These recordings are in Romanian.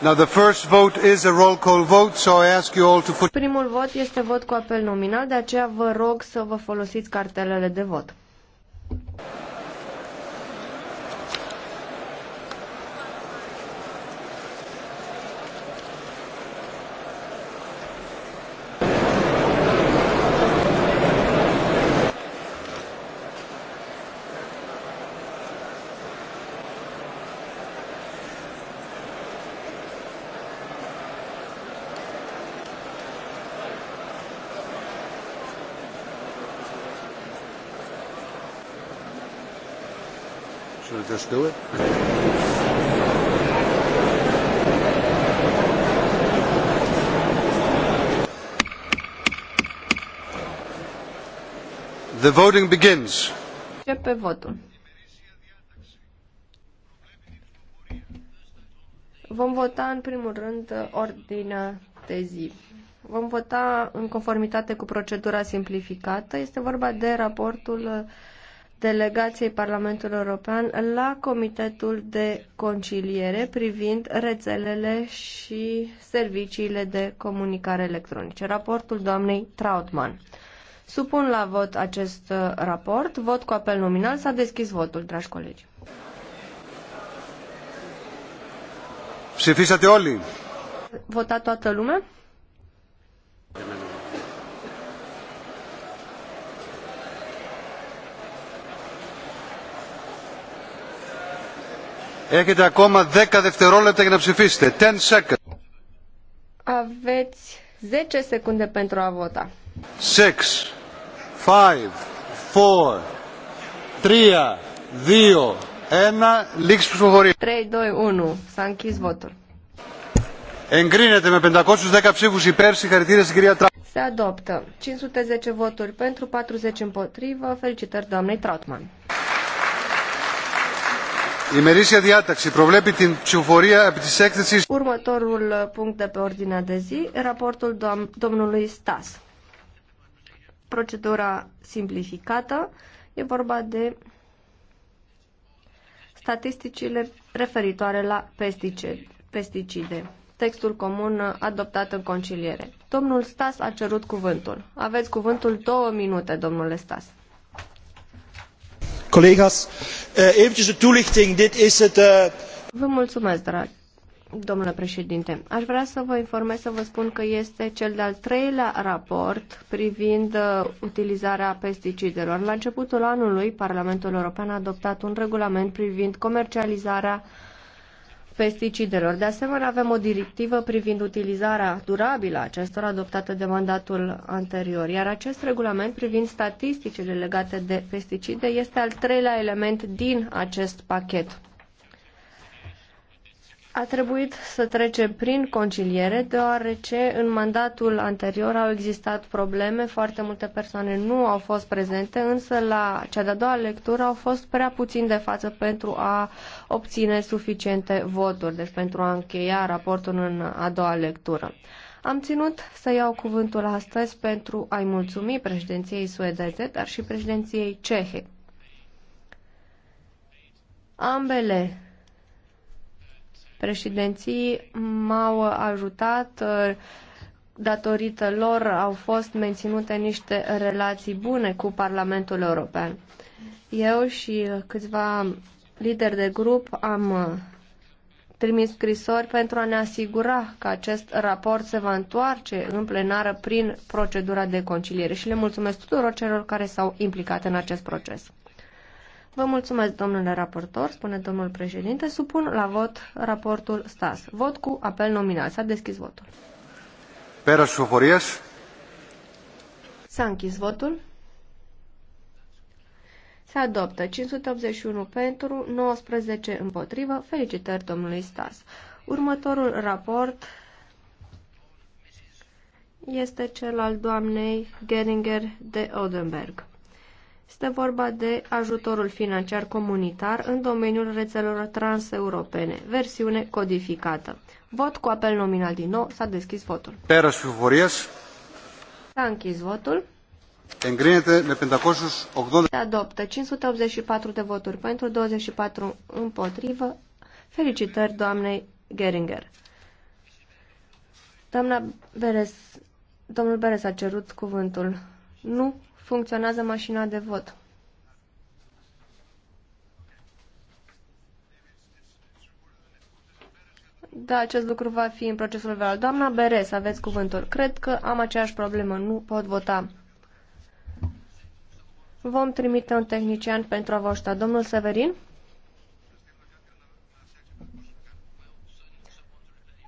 Now the first vote is a roll call vote, so I ask you all to put... Primul vot este vot cu apel nominal, de aceea vă rog să vă folosiți cartelele de vot. Should I just do it? The voting begins. Începe votul. Vom vota în primul rând ordinea de zi. Vom vota în conformitate cu procedura simplificată. Este vorba de raportul delegației Parlamentului European la Comitetul de Conciliere privind rețelele și serviciile de comunicare electronice. Raportul doamnei Trautmann. Supun la vot acest uh, raport. Vot cu apel nominal. S-a deschis votul, dragi colegi. Ψηφίσατε όλοι. Votat toată lumea. Έχετε ακόμα 10 δευτερόλεπτα για να ψηφίσετε. 10 seconds. Αβέτσι 10 secunde pentru a vota. 6, 5, 4, 3, 2, 1, λήξη ψηφοφορία. 3, 2, 1. θα a închis votul. Εγκρίνεται με 510 ψήφους υπέρ. Συγχαρητήρια στην κυρία Τράουτμαν. Σε adoptă. 510 voturi pentru, 40 împotrivă. Felicitări doamnei Trautmann. Următorul uh, punct de pe ordinea de zi, raportul domnului Stas. Procedura simplificată e vorba de statisticile referitoare la pesticide. Textul comun uh, adoptat în conciliere. Domnul Stas a cerut cuvântul. Aveți cuvântul două minute, domnule Stas collega's eh, eventjes een toelichting dit is het. Eh, vă mulțumesc, Domnule președinte, aș vrea să vă informez, să vă spun că este cel de-al treilea raport privind eh, utilizarea pesticidelor. La începutul anului, Parlamentul European a adoptat un regulament privind comercializarea pesticidelor. De asemenea, avem o directivă privind utilizarea durabilă a acestora adoptată de mandatul anterior, iar acest regulament privind statisticile legate de pesticide este al treilea element din acest pachet. A trebuit să trecem prin conciliere, deoarece în mandatul anterior au existat probleme, foarte multe persoane nu au fost prezente, însă la cea de-a doua lectură au fost prea puțin de față pentru a obține suficiente voturi, deci pentru a încheia raportul în a doua lectură. Am ținut să iau cuvântul astăzi pentru a-i mulțumi președinției suedeze, dar și președinției cehe. Ambele președinții m-au ajutat uh, datorită lor au fost menținute niște relații bune cu Parlamentul European. Eu și uh, câțiva lideri de grup am uh, trimis scrisori pentru a ne asigura că acest raport se va întoarce în plenară prin procedura de conciliere și le mulțumesc tuturor celor care s-au implicat în acest proces. Vă mulțumesc, domnule raportor, spune domnul președinte. Supun la vot raportul STAS. Vot cu apel nominal. S-a deschis votul. Pera Șoforias. S-a închis votul. Se adoptă 581 pentru, 19 împotrivă. Felicitări domnului Stas. Următorul raport este cel al doamnei Geringer de Odenberg. Este vorba de ajutorul financiar comunitar în domeniul rețelelor transeuropene, versiune codificată. Vot cu apel nominal din nou, s-a deschis votul. Pera Sfivorias. S-a închis votul. Engrinete me 580. Se adoptă 584 de voturi pentru, 24 împotrivă. Felicitări doamnei Geringer. Doamna Beres, domnul Beres a cerut cuvântul. Nu funcționează mașina de vot. Da, acest lucru va fi în procesul verbal. Doamna Beres, aveți cuvântul. Cred că am aceeași problemă, nu pot vota. Vom trimite un tehnician pentru a vă ajuta. Domnul Severin?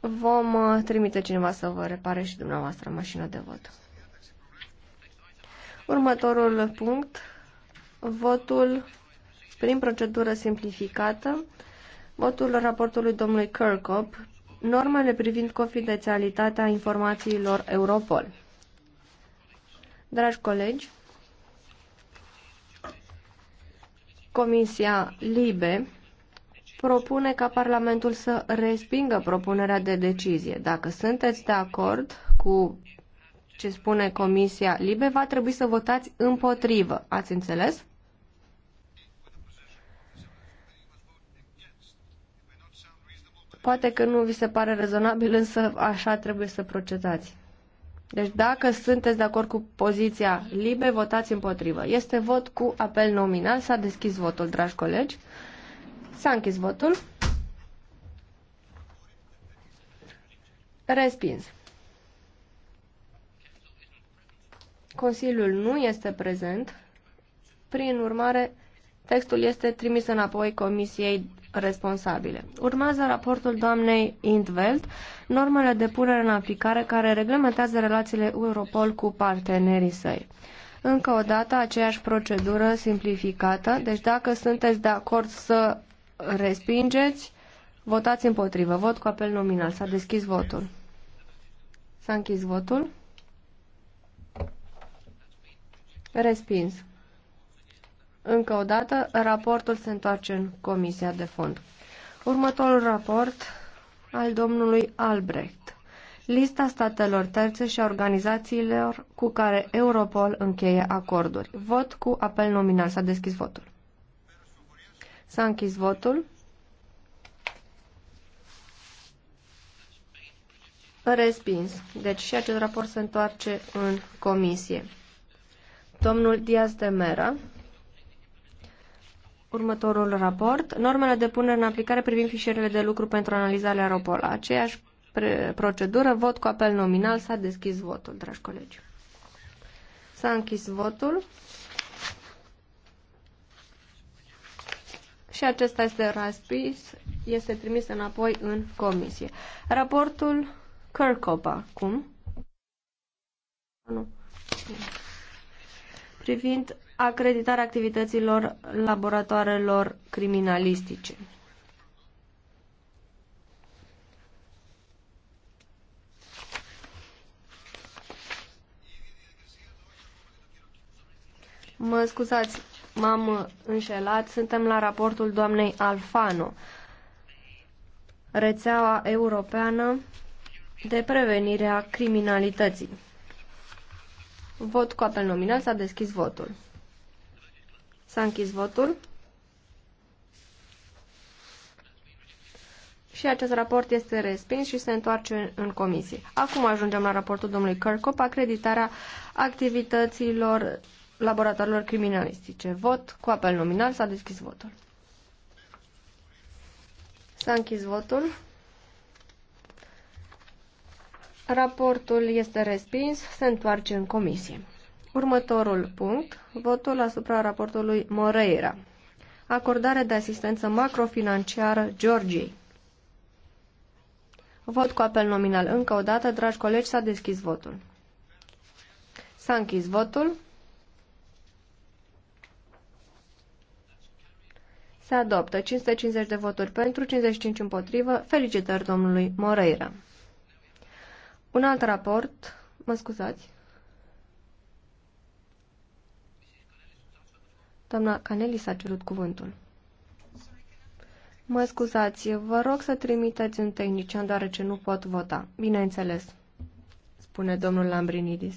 Vom uh, trimite cineva să vă repare și dumneavoastră mașina de vot. Următorul punct, votul prin procedură simplificată, votul raportului domnului Kirkhope, normele privind confidențialitatea informațiilor Europol. Dragi colegi, Comisia LIBE propune ca Parlamentul să respingă propunerea de decizie. Dacă sunteți de acord cu ce spune Comisia Libe, va trebui să votați împotrivă. Ați înțeles? Poate că nu vi se pare rezonabil, însă așa trebuie să procedați. Deci dacă sunteți de acord cu poziția Libe, votați împotrivă. Este vot cu apel nominal. S-a deschis votul, dragi colegi. S-a închis votul. Respins. Consiliul nu este prezent, prin urmare, textul este trimis înapoi Comisiei responsabile. Urmează raportul doamnei Intveld, normele de punere în aplicare care reglementează relațiile Europol cu partenerii săi. Încă o dată, aceeași procedură simplificată, deci dacă sunteți de acord să respingeți, votați împotrivă. Vot cu apel nominal. S-a deschis votul. S-a închis votul. Respins. Încă o dată, raportul se întoarce în Comisia de Fond. Următorul raport al domnului Albrecht. Lista statelor terțe și a organizațiilor cu care Europol încheie acorduri. Vot cu apel nominal. S-a deschis votul. S-a închis votul. Respins. Deci și acest raport se întoarce în comisie. Domnul Diaz de Mera. Următorul raport. Normele de punere în aplicare privind fișierele de lucru pentru analizarea Aeropola. Aceeași procedură, vot cu apel nominal, s-a deschis votul, dragi colegi. S-a închis votul. Și acesta este raspis, este trimis înapoi în comisie. Raportul Kirkhope acum. Nu privind acreditarea activităților laboratoarelor criminalistice. Mă scuzați, m-am înșelat, suntem la raportul doamnei Alfano. Rețeaua europeană de prevenire a criminalității. Vot cu apel nominal. S-a deschis votul. S-a închis votul. Și acest raport este respins și se întoarce în comisie. Acum ajungem la raportul domnului Kirkop, acreditarea activităților laboratorilor criminalistice. Vot cu apel nominal. S-a deschis votul. S-a închis votul. Raportul este respins, se întoarce în comisie. Următorul punct, votul asupra raportului Moreira. Acordare de asistență macrofinanciară Georgiei. Vot cu apel nominal. Încă o dată, dragi colegi, s-a deschis votul. S-a închis votul. Se adoptă 550 de voturi pentru, 55 împotrivă. Felicitări domnului Moreira. Un alt raport, mă scuzați. Doamna Caneli s-a cerut cuvântul. Mă scuzați, vă rog să trimiteți un tehnician deoarece nu pot vota. Bineînțeles, spune domnul Lambrinidis.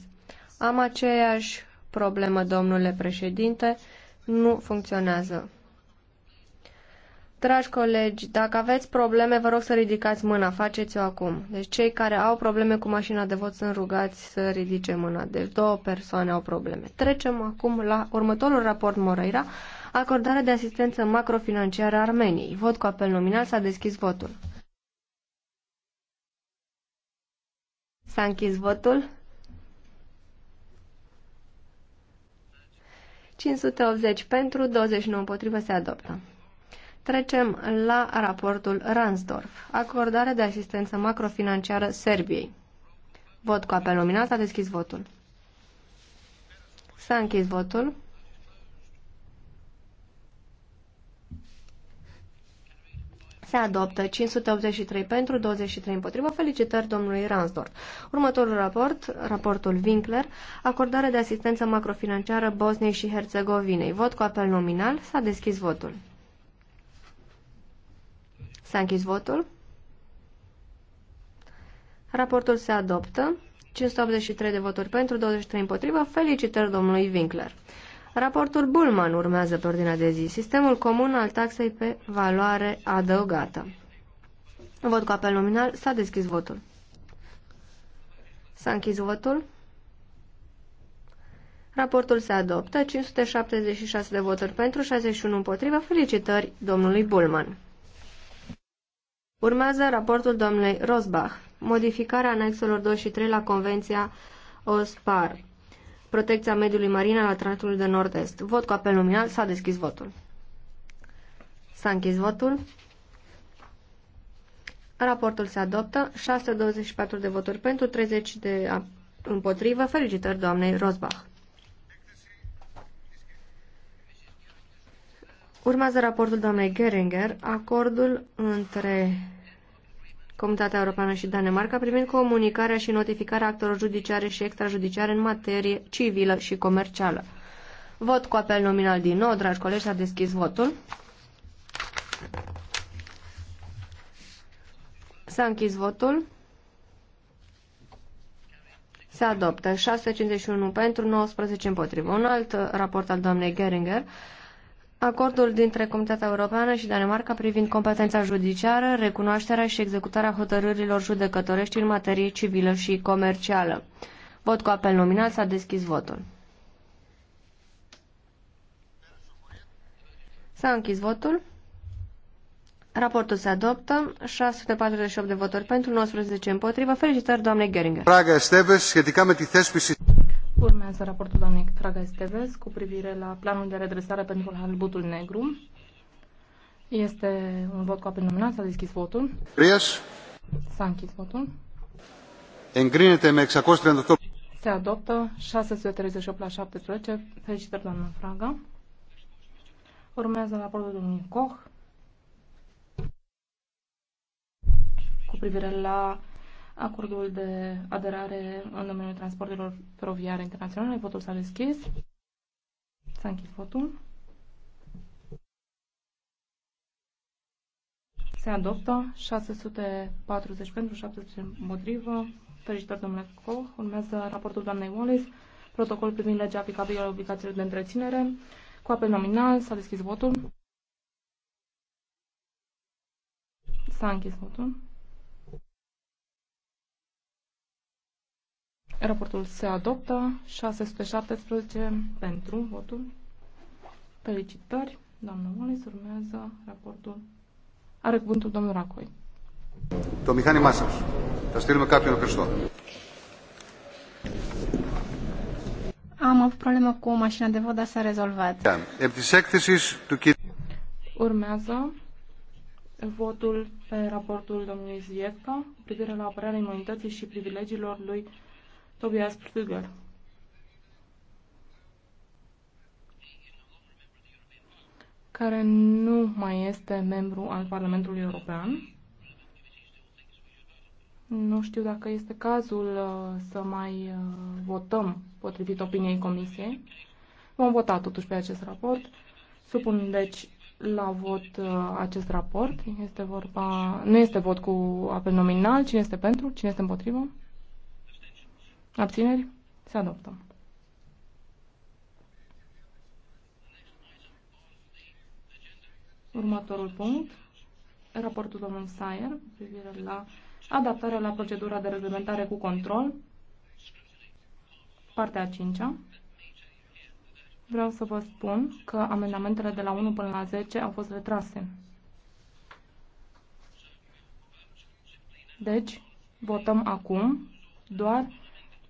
Am aceeași problemă, domnule președinte, nu funcționează Dragi colegi, dacă aveți probleme, vă rog să ridicați mâna. Faceți-o acum. Deci cei care au probleme cu mașina de vot sunt rugați să ridice mâna. Deci două persoane au probleme. Trecem acum la următorul raport Moreira, acordarea de asistență macrofinanciară Armeniei. Vot cu apel nominal s-a deschis votul. S-a închis votul. 580 pentru, 29 împotrivă se adoptă. Trecem la raportul Ransdorf. Acordare de asistență macrofinanciară Serbiei. Vot cu apel nominal. S-a deschis votul. S-a închis votul. Se adoptă 583 pentru, 23 împotrivă. Felicitări domnului Ransdorf. Următorul raport, raportul Winkler, acordare de asistență macrofinanciară Bosniei și Herțegovinei. Vot cu apel nominal. S-a deschis votul. S-a închis votul. Raportul se adoptă. 583 de voturi pentru, 23 împotrivă. Felicitări domnului Winkler. Raportul Bulman urmează pe ordinea de zi. Sistemul comun al taxei pe valoare adăugată. Vot cu apel nominal. S-a deschis votul. S-a închis votul. Raportul se adoptă. 576 de voturi pentru, 61 împotrivă. Felicitări domnului Bulman. Urmează raportul domnului Rosbach, modificarea anexelor 2 și 3 la Convenția OSPAR, protecția mediului marin al Atlantului de Nord-Est. Vot cu apel nominal, s-a deschis votul. S-a închis votul. Raportul se adoptă, 624 de voturi pentru, 30 de împotrivă. Felicitări doamnei Rosbach. Urmează raportul doamnei Geringer, acordul între Comunitatea Europeană și Danemarca privind comunicarea și notificarea actelor judiciare și extrajudiciare în materie civilă și comercială. Vot cu apel nominal din nou, dragi colegi, s-a deschis votul. S-a închis votul. Se adoptă 651 pentru, 19 împotrivă. Un alt raport al doamnei Geringer Acordul dintre Comunitatea Europeană și Danemarca privind competența judiciară, recunoașterea și executarea hotărârilor judecătorești în materie civilă și comercială. Vot cu apel nominal s-a deschis votul. S-a închis votul. Raportul se adoptă. 648 de voturi pentru, 19 împotrivă. Felicitări, doamne Geringer. Praga Esteves, Urmează raportul doamnei Fraga Esteves cu privire la planul de redresare pentru halbutul negru. Este un vot cu apel nominal, s-a deschis votul. Prias. S-a închis votul. Îngrinete me 638. Se adoptă 638 la 17. Felicitări, doamna Fraga. Urmează raportul domnului Koch cu privire la acordul de aderare în domeniul transporturilor feroviare internaționale. Votul s-a deschis. S-a închis votul. Se adoptă 640 pentru 700 împotrivă. Felicitări, domnule Koch. Urmează raportul doamnei Wallace, protocol privind legea aplicabilă la obligațiilor de întreținere. Cu apel nominal s-a deschis votul. S-a închis votul. Raportul se adoptă. 617 pentru votul. Felicitări. Doamna Wallis urmează raportul. Are cuvântul domnul Racoi. Το μηχάνημά σα. Θα στείλουμε κάποιον Χριστό. Am avut problemă cu mașina de vot, dar s-a rezolvat. Da. Urmează votul pe raportul domnului Zietca privire la apărarea imunității și privilegiilor lui Tobias Flügel. care nu mai este membru al Parlamentului European. Nu știu dacă este cazul uh, să mai uh, votăm potrivit opiniei Comisiei. Vom vota totuși pe acest raport. Supun, deci, la vot uh, acest raport. Este vorba... Nu este vot cu apel nominal. Cine este pentru? Cine este împotrivă? Abțineri? Se adoptă. Următorul punct, raportul domnului Sayer, cu privire la adaptarea la procedura de reglementare cu control, partea a cincea. Vreau să vă spun că amendamentele de la 1 până la 10 au fost retrase. Deci, votăm acum doar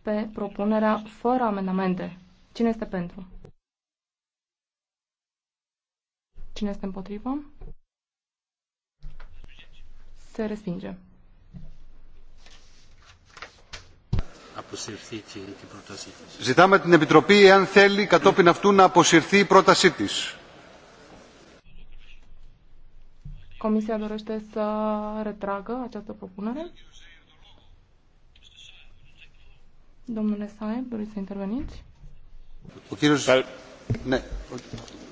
pe propunerea fără amendamente. Cine este pentru? Cine este împotrivă? Se respinge. Ζητάμε την Επιτροπή, εάν θέλει, κατόπιν αυτού να αποσυρθεί η πρότασή της. Comisia dorește să retragă această propunere? Domnule Saeb, doriți să interveniți?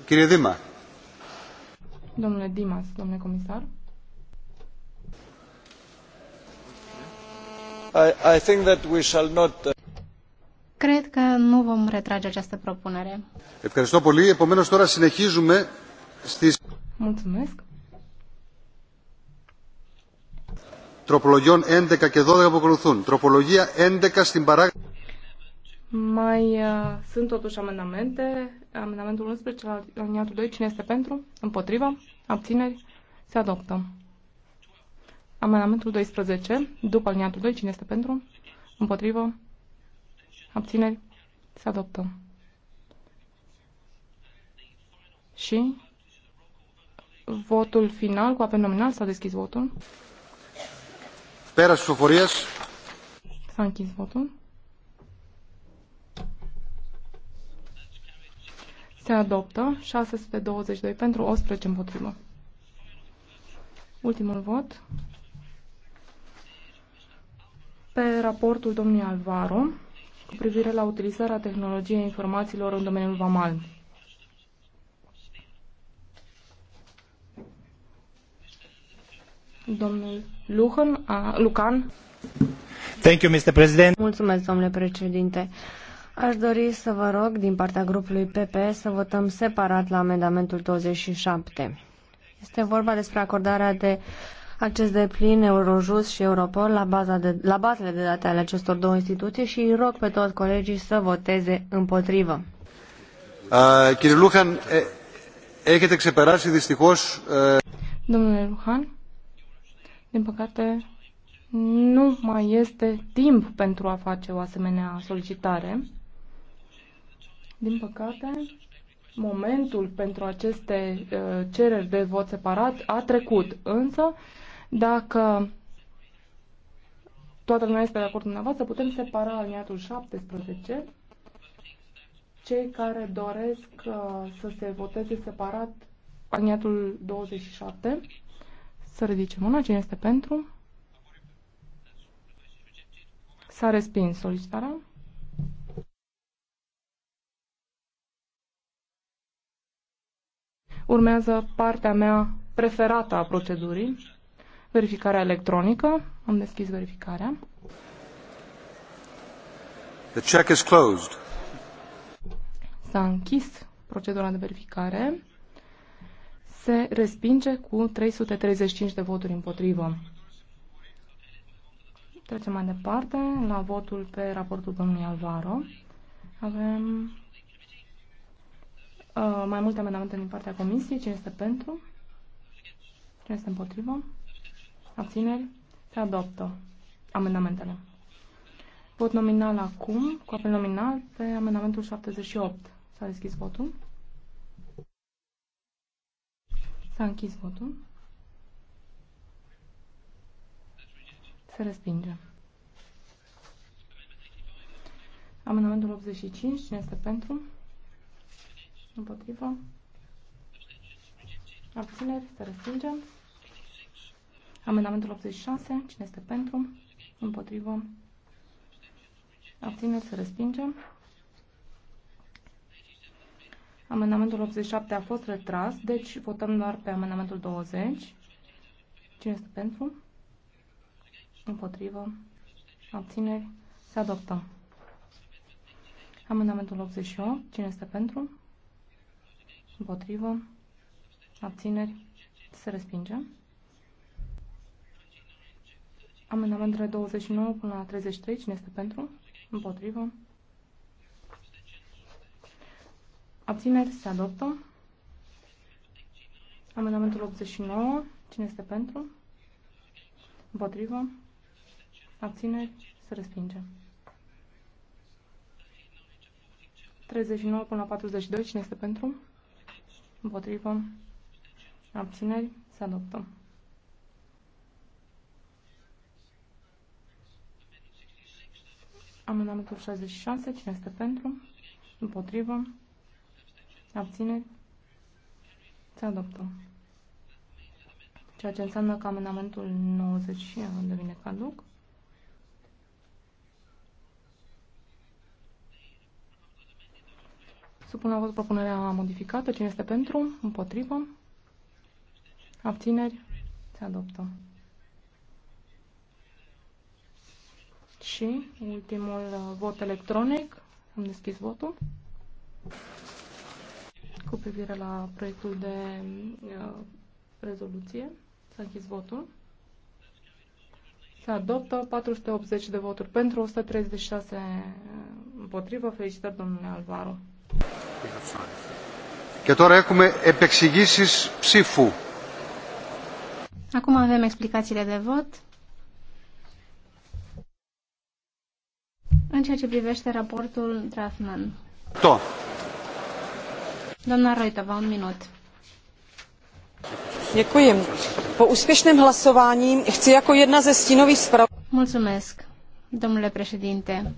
Chirie Dima. Domnule Dimas, domnule comisar. I, think that we shall not... Uh, Cred că nu vom retrage această propunere. Ευχαριστώ πολύ. Επομένως τώρα συνεχίζουμε στις... Mulțumesc. Τροπολογιών 11 και 12 που ακολουθούν. Τροπολογία 11 στην παράγραφη... Mai uh, sunt totuși amendamente. Amendamentul 11 la aliniatul 2. Cine este pentru? Împotrivă? Abțineri? Se adoptă. Amendamentul 12. După aliniatul 2. Cine este pentru? Împotrivă? Abțineri? Se adoptă. Și votul final cu apel nominal. S-a deschis votul. Pera Soforias. S-a închis votul. Se adoptă 622 pentru 11 împotrivă. Ultimul vot. Pe raportul domnului Alvaro cu privire la utilizarea tehnologiei informațiilor în domeniul VAMAL. Domnul Luhan, a, Lucan. Thank you, Mr. President. Mulțumesc, domnule președinte. Aș dori să vă rog din partea grupului PP să votăm separat la amendamentul 27. Este vorba despre acordarea de acces de plin Eurojust și Europol la, baza de, la bazele de date ale acestor două instituții și îi rog pe toți colegii să voteze împotrivă. Uh, Luhan, e ε, έχετε ξεπεράσει δυστυχώς... Ε... Domnule Luhan, din păcate nu mai este timp pentru a face o asemenea solicitare. Din păcate, momentul pentru aceste uh, cereri de vot separat a trecut, însă dacă toată lumea este de acord dumneavoastră, putem separa aliniatul 17 cei care doresc uh, să se voteze separat aliniatul 27 să ridice mâna, cine este pentru? S-a respins solicitarea. Urmează partea mea preferată a procedurii, verificarea electronică. Am deschis verificarea. The check is closed. S-a închis procedura de verificare. Se respinge cu 335 de voturi împotrivă. Trecem mai departe la votul pe raportul domnului Alvaro. Avem Uh, mai multe amendamente din partea Comisiei. Cine este pentru? Cine este împotrivă? Abțineri? Se adoptă amendamentele. Vot nominal acum, cu apel nominal, pe amendamentul 78. S-a deschis votul. S-a închis votul. Se respinge. Amendamentul 85. Cine este pentru? Împotrivă. Abțineri. să respingem. Amendamentul 86. Cine este pentru? Împotrivă. Abțineri. să respingem. Amendamentul 87 a fost retras, deci votăm doar pe amendamentul 20. Cine este pentru? Împotrivă. Abțineri. Se adoptă. Amendamentul 88. Cine este pentru? Împotrivă. Abțineri. Se respinge. Amendamentele 29 până la 33. Cine este pentru? Împotrivă. Abțineri. Se adoptă. Amendamentul 89. Cine este pentru? Împotrivă. Abțineri. Se respinge. 39 până la 42. Cine este pentru? Împotrivă. Abțineri. Se adoptă. Amendamentul 66. Cine este pentru? Împotrivă. Abțineri. Se adoptă. Ceea ce înseamnă că amendamentul 90 uh, devine caduc. Supun la vot propunerea modificată. Cine este pentru? Împotrivă? Abțineri? Se adoptă. Și ultimul uh, vot electronic. Am deschis votul cu privire la proiectul de uh, rezoluție. S-a închis votul. Se adoptă 480 de voturi pentru, 136 uh, împotrivă. Felicitări, domnule Alvaro. Και τώρα έχουμε επεξηγήσεις ψήφου. Acum avem explicațiile de vot. În ceea ce privește raportul Draftman. To. Doamna Roitova, un minut. Děkuji. Po úspěšném hlasování chci jako jedna ze stínových zprav... Mulțumesc, domnule președinte.